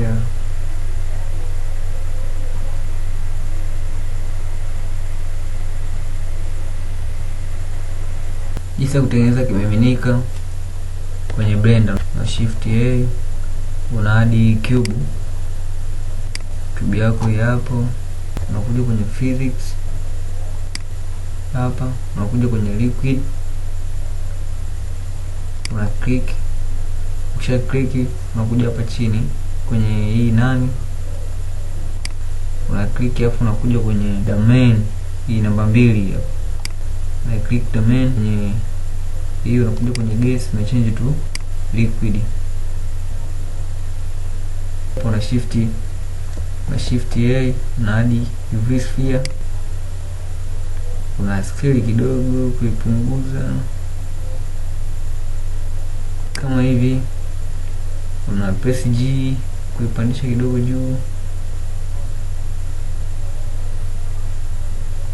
yeah jinsi ya kutengeneza kimiminika kwenye blender na shift A una hadi cube cube yako hii hapo unakuja kwenye physics hapa unakuja kwenye liquid una click ukisha click unakuja hapa chini kwenye hii nani, una click afu unakuja kwenye domain hii namba mbili hapo, na click domain kwenye hii, unakuja kwenye gas na change to liquid hapo, na shift na shift A na hadi UV sphere, kuna scale kidogo kuipunguza kama hivi, kuna press G kuipandisha kidogo juu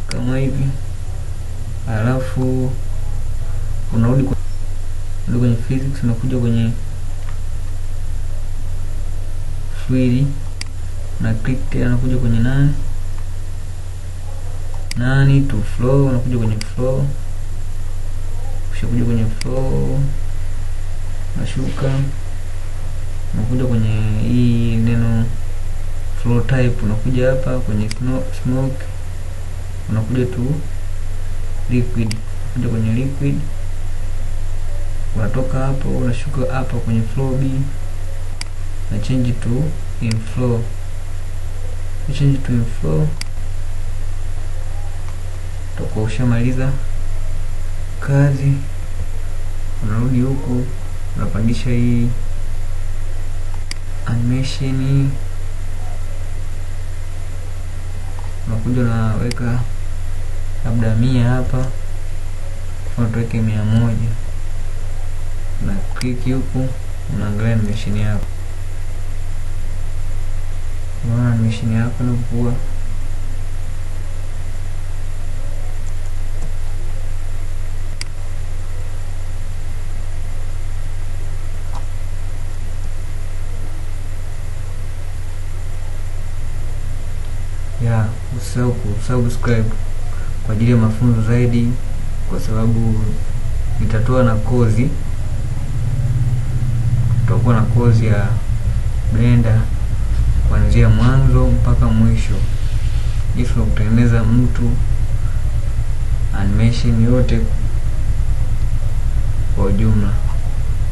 kama hivi, alafu unarudi kwenye physics, unakuja kwenye fluid na click tena, unakuja kwenye nani nani to flow, unakuja kwenye flow, ushakuja kwenye flow, nashuka unakuja kwenye hii neno flow type, unakuja hapa kwenye smoke, unakuja tu liquid, unakuja kwenye liquid, unatoka hapo unashuka hapa kwenye flow B na change to na change to inflow utakuwa ushamaliza kazi, unarudi huku unapandisha hii animation unakuja unaweka labda mia hapa tuweke mia moja na kliki huku unaangalia animation yako unaona animation yako inakuwa usisahau kusubscribe kwa ajili ya mafunzo zaidi, kwa sababu nitatoa na kozi, tutakuwa na kozi ya Blender kuanzia mwanzo mpaka mwisho, jinsi ya kutengeneza mtu animation yote kwa ujumla.